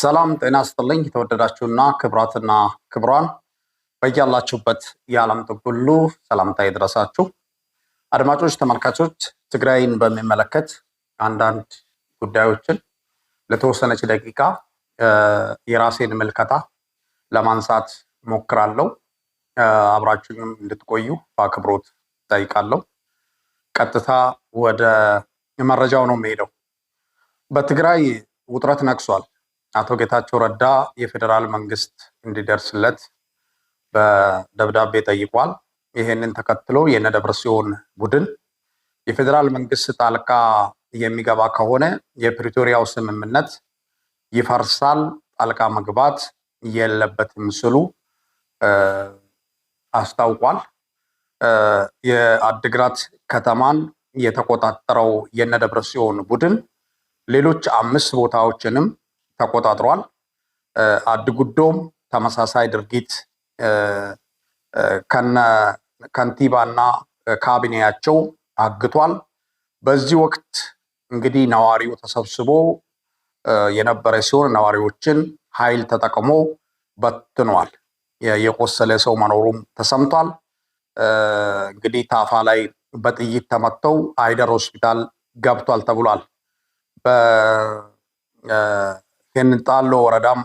ሰላም ጤና ስጥልኝ። የተወደዳችሁና ክብራትና ክብሯን በያላችሁበት የዓለም ጥግ ሁሉ ሰላምታ ይድረሳችሁ። አድማጮች፣ ተመልካቾች ትግራይን በሚመለከት አንዳንድ ጉዳዮችን ለተወሰነች ደቂቃ የራሴን ምልከታ ለማንሳት ሞክራለሁ። አብራችሁም እንድትቆዩ በአክብሮት ጠይቃለሁ። ቀጥታ ወደ መረጃው ነው የሚሄደው። በትግራይ ውጥረት ነግሷል። አቶ ጌታቸው ረዳ የፌዴራል መንግስት እንዲደርስለት በደብዳቤ ጠይቋል። ይህንን ተከትሎ ሲሆን ቡድን የፌዴራል መንግስት ጣልቃ የሚገባ ከሆነ የፕሪቶሪያው ስምምነት ይፈርሳል፣ ጣልቃ መግባት የለበትም ስሉ አስታውቋል። የአድግራት ከተማን የተቆጣጠረው ሲሆን ቡድን ሌሎች አምስት ቦታዎችንም ተቆጣጥሯል። አድጉዶም ተመሳሳይ ድርጊት ከነ ከንቲባና ካቢኔያቸው አግቷል። በዚህ ወቅት እንግዲህ ነዋሪው ተሰብስቦ የነበረ ሲሆን ነዋሪዎችን ኃይል ተጠቅሞ በትኗል። የቆሰለ ሰው መኖሩም ተሰምቷል። እንግዲህ ታፋ ላይ በጥይት ተመተው አይደር ሆስፒታል ገብቷል ተብሏል። ሄንጣሎ ወረዳም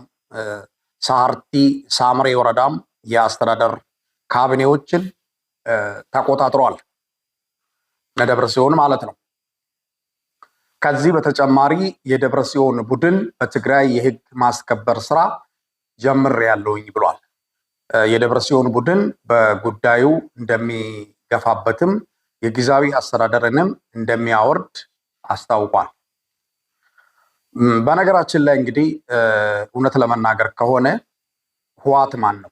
ሳርቲ ሳምሬ ወረዳም የአስተዳደር ካቢኔዎችን ተቆጣጥሯል። ለደብረ ሲሆን ማለት ነው። ከዚህ በተጨማሪ የደብረ ሲሆን ቡድን በትግራይ የህግ ማስከበር ስራ ጀምር ያለውኝ ብሏል። የደብረ ሲሆን ቡድን በጉዳዩ እንደሚገፋበትም የጊዜያዊ አስተዳደርንም እንደሚያወርድ አስታውቋል። በነገራችን ላይ እንግዲህ እውነት ለመናገር ከሆነ ህዋት ማን ነው?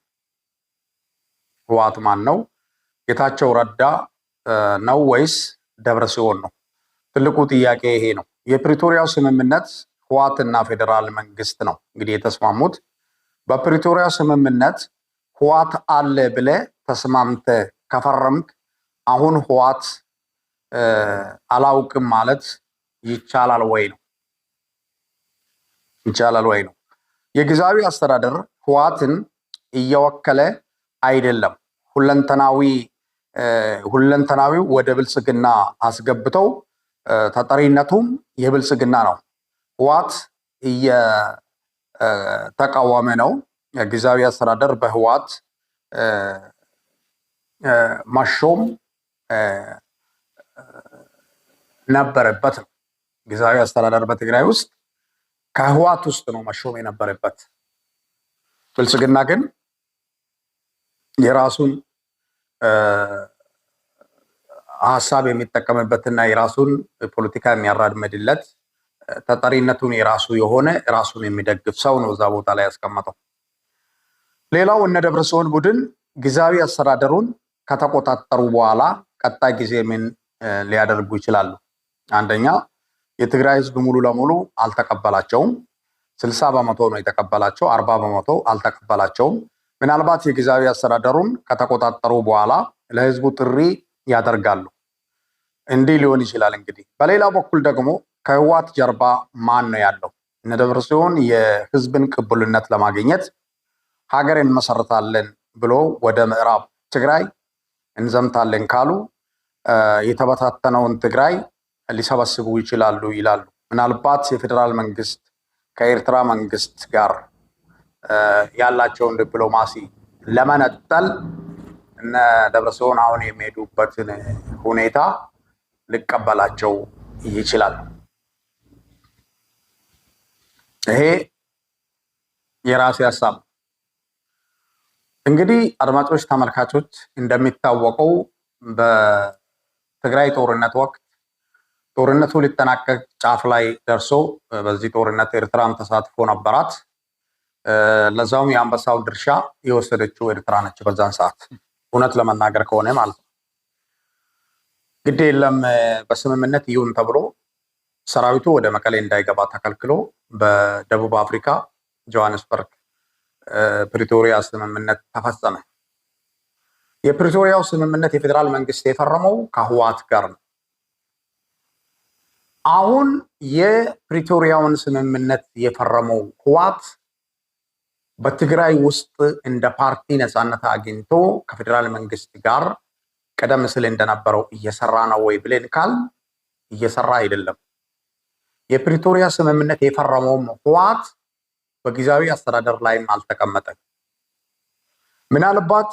ህዋት ማን ነው? ጌታቸው ረዳ ነው ወይስ ደብረ ሲሆን ነው? ትልቁ ጥያቄ ይሄ ነው። የፕሪቶሪያው ስምምነት ህዋትና ፌዴራል መንግስት ነው እንግዲህ የተስማሙት። በፕሪቶሪያው ስምምነት ህዋት አለ ብለ ተስማምተ ከፈረምክ አሁን ህዋት አላውቅም ማለት ይቻላል ወይ ነው ይቻላል ወይ ነው። የጊዜያዊ አስተዳደር ህወሓትን እየወከለ አይደለም። ሁለንተናዊ ሁለንተናዊው ወደ ብልጽግና አስገብተው ተጠሪነቱም የብልጽግና ነው። ህወሓት እየተቃወመ ነው። ጊዜያዊ አስተዳደር በህወሓት ማሾም ነበረበት ነው። ጊዜያዊ አስተዳደር በትግራይ ውስጥ ከህዋት ውስጥ ነው መሾም የነበረበት። ብልጽግና ግን የራሱን ሀሳብ የሚጠቀምበትና የራሱን ፖለቲካ የሚያራድምድለት ተጠሪነቱን የራሱ የሆነ ራሱን የሚደግፍ ሰው ነው እዛ ቦታ ላይ ያስቀመጠው። ሌላው እነ ደብረ ጽዮን ቡድን ጊዜያዊ አስተዳደሩን ከተቆጣጠሩ በኋላ ቀጣይ ጊዜ ምን ሊያደርጉ ይችላሉ? አንደኛ የትግራይ ህዝብ ሙሉ ለሙሉ አልተቀበላቸውም። ስልሳ በመቶ ነው የተቀበላቸው፣ አርባ በመቶ አልተቀበላቸውም። ምናልባት የጊዜያዊ አስተዳደሩን ከተቆጣጠሩ በኋላ ለህዝቡ ጥሪ ያደርጋሉ። እንዲህ ሊሆን ይችላል። እንግዲህ በሌላ በኩል ደግሞ ከህዋት ጀርባ ማን ነው ያለው? እነ ደብረጽዮን የህዝብን ቅቡልነት ለማግኘት ሀገር እንመሰረታለን ብሎ ወደ ምዕራብ ትግራይ እንዘምታለን ካሉ የተበታተነውን ትግራይ ሊሰበስቡ ይችላሉ ይላሉ። ምናልባት የፌዴራል መንግስት ከኤርትራ መንግስት ጋር ያላቸውን ዲፕሎማሲ ለመነጠል እነ ደብረጽዮን አሁን የሚሄዱበትን ሁኔታ ሊቀበላቸው ይችላል። ይሄ የራሴ ሀሳብ እንግዲህ አድማጮች፣ ተመልካቾች እንደሚታወቀው በትግራይ ጦርነት ወቅት ጦርነቱ ሊጠናቀቅ ጫፍ ላይ ደርሶ በዚህ ጦርነት ኤርትራም ተሳትፎ ነበራት። ለዛውም የአንበሳው ድርሻ የወሰደችው ኤርትራ ነች። በዛን ሰዓት እውነት ለመናገር ከሆነ ማለት ነው። ግድ የለም በስምምነት ይሁን ተብሎ ሰራዊቱ ወደ መቀሌ እንዳይገባ ተከልክሎ በደቡብ አፍሪካ ጆሃንስበርግ ፕሪቶሪያ ስምምነት ተፈጸመ። የፕሪቶሪያው ስምምነት የፌዴራል መንግስት የፈረመው ከህወሓት ጋር ነው። አሁን የፕሪቶሪያውን ስምምነት የፈረመው ህዋት በትግራይ ውስጥ እንደ ፓርቲ ነፃነት አግኝቶ ከፌዴራል መንግስት ጋር ቀደም ሲል እንደነበረው እየሰራ ነው ወይ ብለን ካል እየሰራ አይደለም። የፕሪቶሪያ ስምምነት የፈረመውም ህዋት በጊዜያዊ አስተዳደር ላይም አልተቀመጠም። ምናልባት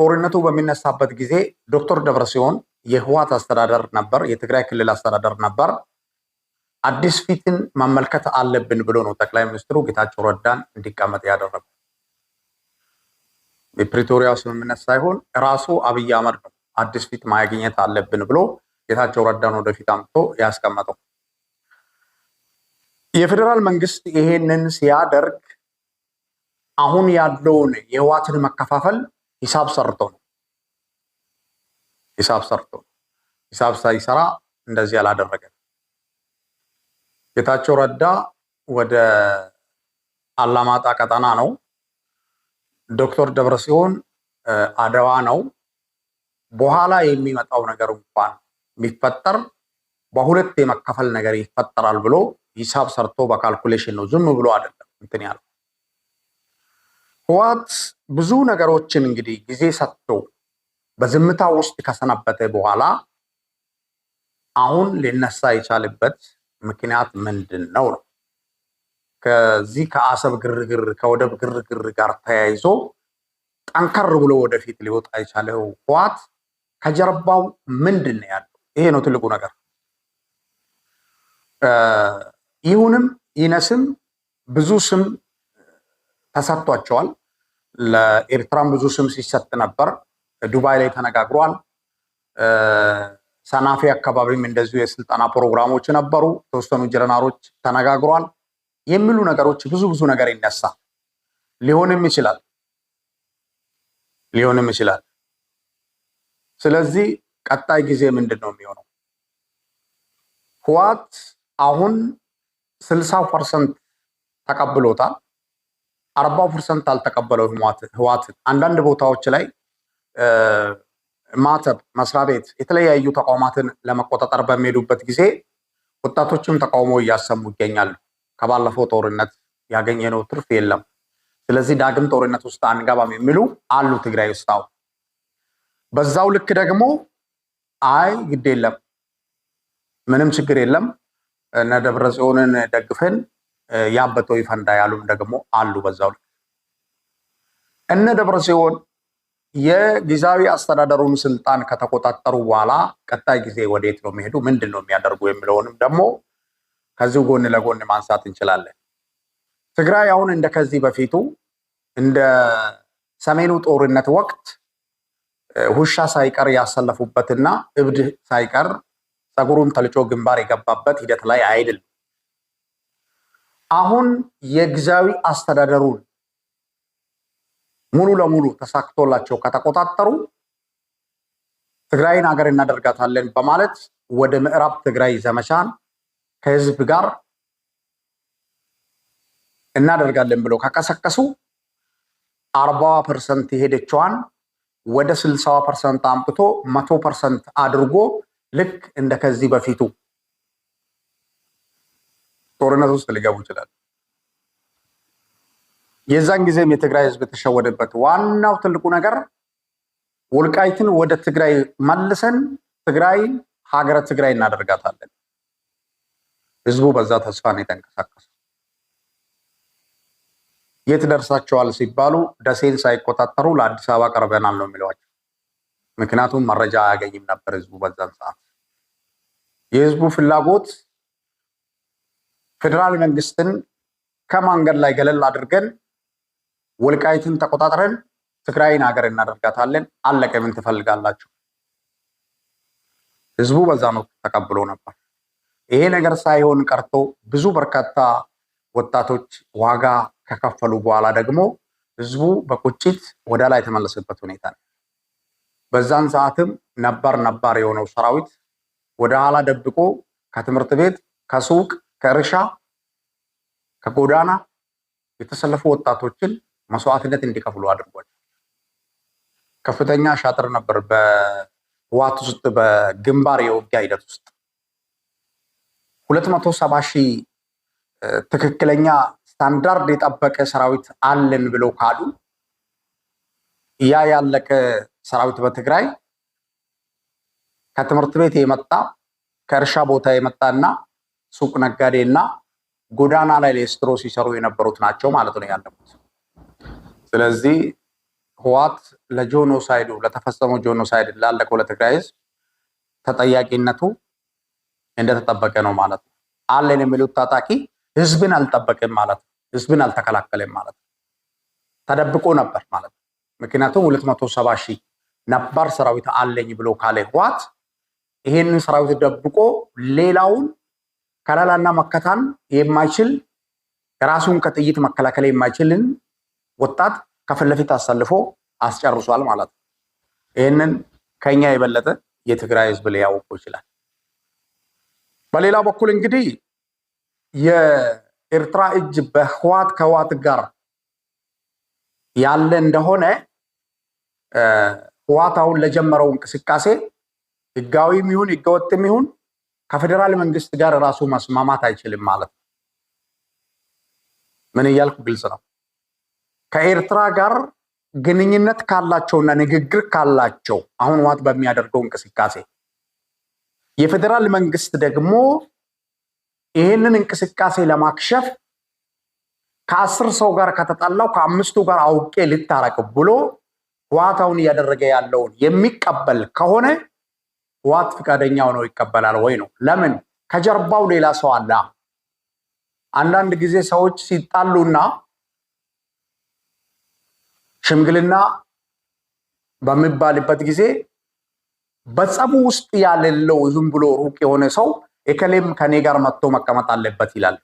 ጦርነቱ በሚነሳበት ጊዜ ዶክተር ሲሆን የህዋት አስተዳደር ነበር፣ የትግራይ ክልል አስተዳደር ነበር። አዲስ ፊትን መመልከት አለብን ብሎ ነው ጠቅላይ ሚኒስትሩ ጌታቸው ረዳን እንዲቀመጥ ያደረጉ። የፕሪቶሪያ ስምምነት ሳይሆን ራሱ አብይ አህመድ ነው አዲስ ፊት ማግኘት አለብን ብሎ ጌታቸው ረዳን ወደፊት አምጥቶ ያስቀመጠው። የፌዴራል መንግስት ይሄንን ሲያደርግ አሁን ያለውን የህዋትን መከፋፈል ሂሳብ ሰርቶ ነው ሂሳብ ሰርቶ ሂሳብ ሳይሰራ እንደዚህ አላደረገም። ጌታቸው ረዳ ወደ አላማጣ ቀጠና ነው። ዶክተር ደብረጽዮን አደዋ ነው። በኋላ የሚመጣው ነገር እንኳን የሚፈጠር በሁለት የመከፈል ነገር ይፈጠራል ብሎ ሂሳብ ሰርቶ በካልኩሌሽን ነው፣ ዝም ብሎ አይደለም እንትን ያለ ህወሓት ብዙ ነገሮችን እንግዲህ ጊዜ ሰጥቶ በዝምታ ውስጥ ከሰነበተ በኋላ አሁን ሊነሳ የቻለበት ምክንያት ምንድን ነው ነው ከዚህ ከአሰብ ግርግር ከወደብ ግርግር ጋር ተያይዞ ጠንከር ብሎ ወደፊት ሊወጣ የቻለው ህዋት ከጀርባው ምንድን ነው ያለው? ይሄ ነው ትልቁ ነገር። ይሁንም ይነስም ብዙ ስም ተሰጥቷቸዋል። ለኤርትራም ብዙ ስም ሲሰጥ ነበር። ዱባይ ላይ ተነጋግሯል። ሰናፊ አካባቢም እንደዚሁ የስልጠና ፕሮግራሞች ነበሩ። የተወሰኑ ጀነራሎች ተነጋግሯል የሚሉ ነገሮች ብዙ ብዙ ነገር ይነሳ ሊሆንም ይችላል ሊሆንም ይችላል። ስለዚህ ቀጣይ ጊዜ ምንድን ነው የሚሆነው? ህዋት አሁን ስልሳ ፐርሰንት ተቀብሎታል። አርባ ፐርሰንት አልተቀበለው ህዋትን አንዳንድ ቦታዎች ላይ ማተብ መስሪያ ቤት የተለያዩ ተቋማትን ለመቆጣጠር በሚሄዱበት ጊዜ ወጣቶችም ተቃውሞ እያሰሙ ይገኛሉ። ከባለፈው ጦርነት ያገኘነው ትርፍ የለም፣ ስለዚህ ዳግም ጦርነት ውስጥ አንገባም የሚሉ አሉ ትግራይ ውስጥ። አሁን በዛው ልክ ደግሞ አይ ግድ የለም ምንም ችግር የለም እነ ደብረ ጽዮንን ደግፈን ያበጠው ይፈንዳ ያሉም ደግሞ አሉ። በዛው ልክ እነ ደብረ ጽዮን የጊዜያዊ አስተዳደሩን ስልጣን ከተቆጣጠሩ በኋላ ቀጣይ ጊዜ ወዴት ነው የሚሄዱ፣ ምንድን ነው የሚያደርጉ የሚለውንም ደግሞ ከዚሁ ጎን ለጎን ማንሳት እንችላለን። ትግራይ አሁን እንደ ከዚህ በፊቱ እንደ ሰሜኑ ጦርነት ወቅት ውሻ ሳይቀር ያሰለፉበትና እብድ ሳይቀር ጸጉሩን ተልጮ ግንባር የገባበት ሂደት ላይ አይደለም። አሁን የጊዜያዊ አስተዳደሩን ሙሉ ለሙሉ ተሳክቶላቸው ከተቆጣጠሩ ትግራይን ሀገር እናደርጋታለን በማለት ወደ ምዕራብ ትግራይ ዘመቻን ከህዝብ ጋር እናደርጋለን ብለው ከቀሰቀሱ አርባዋ ፐርሰንት የሄደችዋን ወደ ስልሳዋ ፐርሰንት አምጥቶ መቶ ፐርሰንት አድርጎ ልክ እንደ ከዚህ በፊቱ ጦርነት ውስጥ ሊገቡ ይችላል። የዛን ጊዜም የትግራይ ህዝብ የተሸወደበት ዋናው ትልቁ ነገር ወልቃይትን ወደ ትግራይ መልሰን ትግራይ ሀገረ ትግራይ እናደርጋታለን። ህዝቡ በዛ ተስፋ ነው የተንቀሳቀሰው። የት ደርሳቸዋል ሲባሉ ደሴን ሳይቆጣጠሩ ለአዲስ አበባ ቀርበናል ነው የሚለዋቸው። ምክንያቱም መረጃ አያገኝም ነበር ህዝቡ በዛን ሰዓት። የህዝቡ ፍላጎት ፌዴራል መንግስትን ከማንገድ ላይ ገለል አድርገን ወልቃይትን ተቆጣጥረን ትግራይን ሀገር እናደርጋታለን። አለቀ። ምን ትፈልጋላችሁ? ህዝቡ በዛ ነው ተቀብሎ ነበር። ይሄ ነገር ሳይሆን ቀርቶ ብዙ በርካታ ወጣቶች ዋጋ ከከፈሉ በኋላ ደግሞ ህዝቡ በቁጭት ወደ ላይ የተመለሰበት ሁኔታ ነው። በዛን ሰዓትም ነባር ነባር የሆነው ሰራዊት ወደ ኋላ ደብቆ ከትምህርት ቤት፣ ከሱቅ፣ ከእርሻ፣ ከጎዳና የተሰለፉ ወጣቶችን መስዋዕትነት እንዲከፍሉ አድርጓል። ከፍተኛ ሻጥር ነበር በህዋት ውስጥ በግንባር የውጊያ ሂደት ውስጥ ሁለት መቶ ሰባ ሺህ ትክክለኛ ስታንዳርድ የጠበቀ ሰራዊት አለን ብለው ካሉ ያ ያለቀ ሰራዊት በትግራይ ከትምህርት ቤት የመጣ ከእርሻ ቦታ የመጣ እና ሱቅ ነጋዴ እና ጎዳና ላይ ሌስትሮ ሲሰሩ የነበሩት ናቸው ማለት ነው ያለቁት። ስለዚህ ህዋት ለጆኖሳይዱ ለተፈጸመው ጆኖሳይድ ላለቀው ለትግራይ ህዝብ ተጠያቂነቱ እንደተጠበቀ ነው ማለት ነው። አለን የሚሉት ታጣቂ ህዝብን አልጠበቅም ማለት ነው። ህዝብን አልተከላከለም ማለት ነው። ተደብቆ ነበር ማለት ነው። ምክንያቱም ሁለት መቶ ሰባ ሺህ ነባር ሰራዊት አለኝ ብሎ ካለ ህዋት ይህንን ሰራዊት ደብቆ ሌላውን ከለላና መከታን የማይችል ራሱን ከጥይት መከላከል የማይችልን ወጣት ከፊት ለፊት አሳልፎ አስጨርሷል ማለት ነው። ይህንን ከኛ የበለጠ የትግራይ ህዝብ ሊያውቁ ይችላል። በሌላ በኩል እንግዲህ የኤርትራ እጅ በህዋት ከህዋት ጋር ያለ እንደሆነ ህዋት አሁን ለጀመረው እንቅስቃሴ ህጋዊም ይሁን ህገወጥም ይሁን ከፌዴራል መንግስት ጋር ራሱ መስማማት አይችልም ማለት ነው። ምን እያልኩ ግልጽ ነው። ከኤርትራ ጋር ግንኙነት ካላቸውና ንግግር ካላቸው አሁን ዋት በሚያደርገው እንቅስቃሴ የፌዴራል መንግስት ደግሞ ይህንን እንቅስቃሴ ለማክሸፍ ከአስር ሰው ጋር ከተጣላው ከአምስቱ ጋር አውቄ ልታረቅ ብሎ ህዋት አሁን እያደረገ ያለውን የሚቀበል ከሆነ ህዋት ፈቃደኛ ነው ይቀበላል ወይ ነው። ለምን ከጀርባው ሌላ ሰው አለ። አንዳንድ ጊዜ ሰዎች ሲጣሉና ሽምግልና በሚባልበት ጊዜ በጸቡ ውስጥ ያለለው ዝም ብሎ ሩቅ የሆነ ሰው ኤከሌም ከኔ ጋር መጥቶ መቀመጥ አለበት ይላል።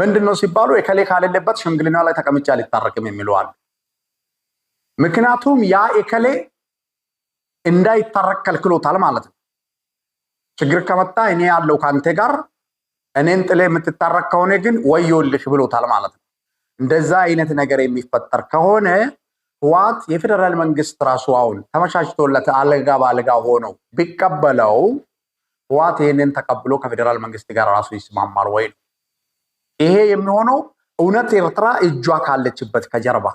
ምንድን ነው ሲባሉ እከሌ ካሌለበት ሽምግልና ላይ ተቀምጬ አልታረቅም የሚለዋል። ምክንያቱም ያ ኤከሌ እንዳይታረቅ ከልክሎታል ማለት ነው። ችግር ከመጣ እኔ ያለው ከአንተ ጋር እኔን ጥሌ የምትታረቅ ከሆነ ግን ወዮልሽ ብሎታል ማለት ነው። እንደዛ አይነት ነገር የሚፈጠር ከሆነ ህዋት የፌዴራል መንግስት ራሱ አሁን ተመቻችቶለት አልጋ በአልጋ ሆነው ቢቀበለው ህዋት ይህንን ተቀብሎ ከፌዴራል መንግስት ጋር ራሱ ይስማማል ወይ ነው። ይሄ የሚሆነው እውነት ኤርትራ እጇ ካለችበት ከጀርባ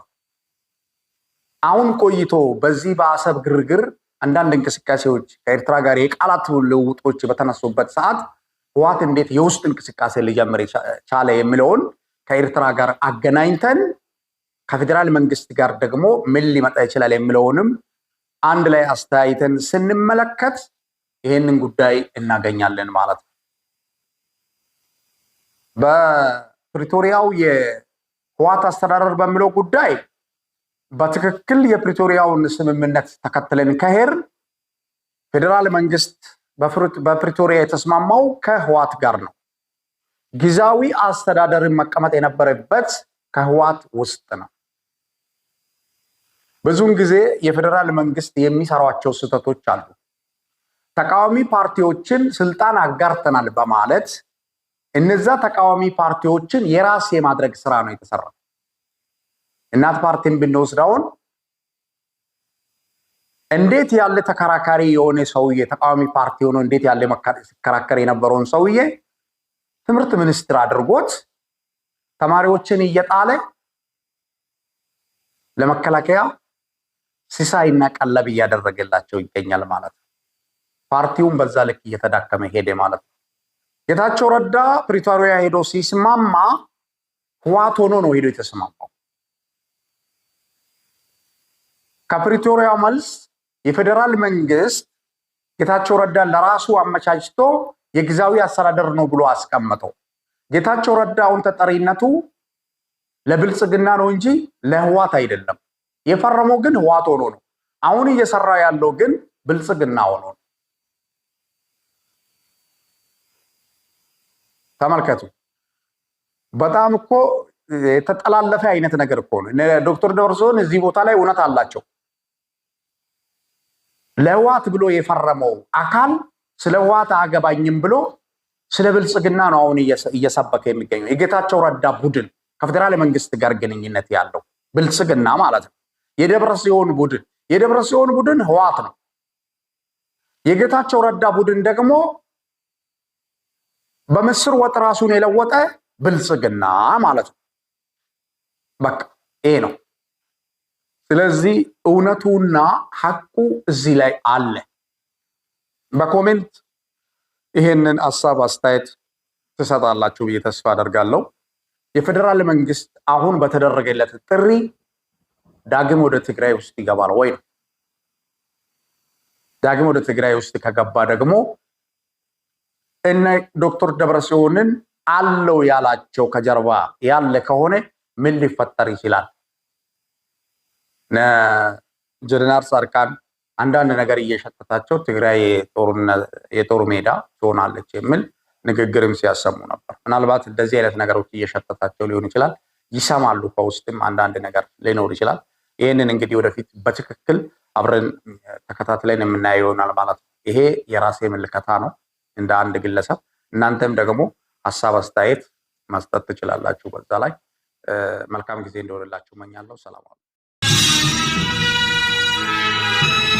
አሁን ቆይቶ በዚህ በአሰብ ግርግር አንዳንድ እንቅስቃሴዎች ከኤርትራ ጋር የቃላት ልውውጦች በተነሱበት ሰዓት ህዋት እንዴት የውስጥ እንቅስቃሴ ሊጀምር ቻለ የሚለውን ከኤርትራ ጋር አገናኝተን ከፌዴራል መንግስት ጋር ደግሞ ምን ሊመጣ ይችላል የሚለውንም አንድ ላይ አስተያይተን ስንመለከት ይህንን ጉዳይ እናገኛለን ማለት ነው። በፕሪቶሪያው የህዋት አስተዳደር በሚለው ጉዳይ በትክክል የፕሪቶሪያውን ስምምነት ተከትለን ከሄር ፌዴራል መንግስት በፕሪቶሪያ የተስማማው ከህዋት ጋር ነው። ጊዜያዊ አስተዳደርን መቀመጥ የነበረበት ከህወሓት ውስጥ ነው። ብዙውን ጊዜ የፌዴራል መንግስት የሚሰሯቸው ስህተቶች አሉ። ተቃዋሚ ፓርቲዎችን ስልጣን አጋርተናል በማለት እነዛ ተቃዋሚ ፓርቲዎችን የራስ የማድረግ ስራ ነው የተሰራ። እናት ፓርቲን ብንወስዳውን እንዴት ያለ ተከራካሪ የሆነ ሰውዬ ተቃዋሚ ፓርቲ ሆኖ እንዴት ያለ ሲከራከር የነበረውን ሰውዬ ትምህርት ሚኒስትር አድርጎት ተማሪዎችን እየጣለ ለመከላከያ ሲሳይና ቀለብ እያደረገላቸው ይገኛል ማለት ነው። ፓርቲውም በዛ ልክ እየተዳከመ ሄደ ማለት ነው። ጌታቸው ረዳ ፕሪቶሪያ ሄዶ ሲስማማ ህዋት ሆኖ ነው ሄዶ የተስማማው። ከፕሪቶሪያ መልስ የፌዴራል መንግስት ጌታቸው ረዳን ለራሱ አመቻችቶ የጊዜያዊ አስተዳደር ነው ብሎ አስቀምጠው ጌታቸው ረዳውን ተጠሪነቱ ለብልጽግና ነው እንጂ ለህዋት አይደለም። የፈረመው ግን ህዋት ሆኖ ነው። አሁን እየሰራ ያለው ግን ብልጽግና ሆኖ ነው። ተመልከቱ። በጣም እኮ የተጠላለፈ አይነት ነገር እኮ ነው። ዶክተር ደብረጽዮን እዚህ ቦታ ላይ እውነት አላቸው። ለህዋት ብሎ የፈረመው አካል ስለ ህወሓት አገባኝም ብሎ ስለ ብልጽግና ነው አሁን እየሰበከ የሚገኘው። የጌታቸው ረዳ ቡድን ከፌዴራል መንግስት ጋር ግንኙነት ያለው ብልጽግና ማለት ነው። የደብረ ሲሆን ቡድን የደብረ ሲሆን ቡድን ህወሓት ነው። የጌታቸው ረዳ ቡድን ደግሞ በምስር ወጥ ራሱን የለወጠ ብልጽግና ማለት ነው። በቃ ይሄ ነው። ስለዚህ እውነቱና ሐቁ እዚህ ላይ አለ። በኮሜንት ይሄንን ሀሳብ አስተያየት ትሰጣላችሁ ብዬ ተስፋ አደርጋለሁ። የፌዴራል መንግስት አሁን በተደረገለት ጥሪ ዳግም ወደ ትግራይ ውስጥ ይገባል ወይ ነው። ዳግም ወደ ትግራይ ውስጥ ከገባ ደግሞ እነ ዶክተር ደብረጽዮንን አለው ያላቸው ከጀርባ ያለ ከሆነ ምን ሊፈጠር ይችላል? ጀነራል ጻድቃን አንዳንድ ነገር እየሸተታቸው ትግራይ የጦር ሜዳ ትሆናለች የሚል ንግግርም ሲያሰሙ ነበር። ምናልባት እንደዚህ አይነት ነገሮች እየሸተታቸው ሊሆን ይችላል። ይሰማሉ። ከውስጥም አንዳንድ ነገር ሊኖር ይችላል። ይህንን እንግዲህ ወደፊት በትክክል አብረን ተከታትለን የምናየው ይሆናል ማለት ነው። ይሄ የራሴ ምልከታ ነው እንደ አንድ ግለሰብ። እናንተም ደግሞ ሀሳብ አስተያየት መስጠት ትችላላችሁ። በዛ ላይ መልካም ጊዜ እንደሆነላችሁ መኛለሁ። ሰላም